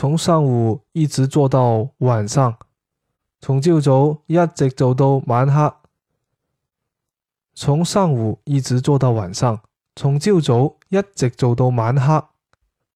從上午一直做到晚上，從朝早一直做到晚黑。從上午一直做到晚上，從朝早一直做到晚黑。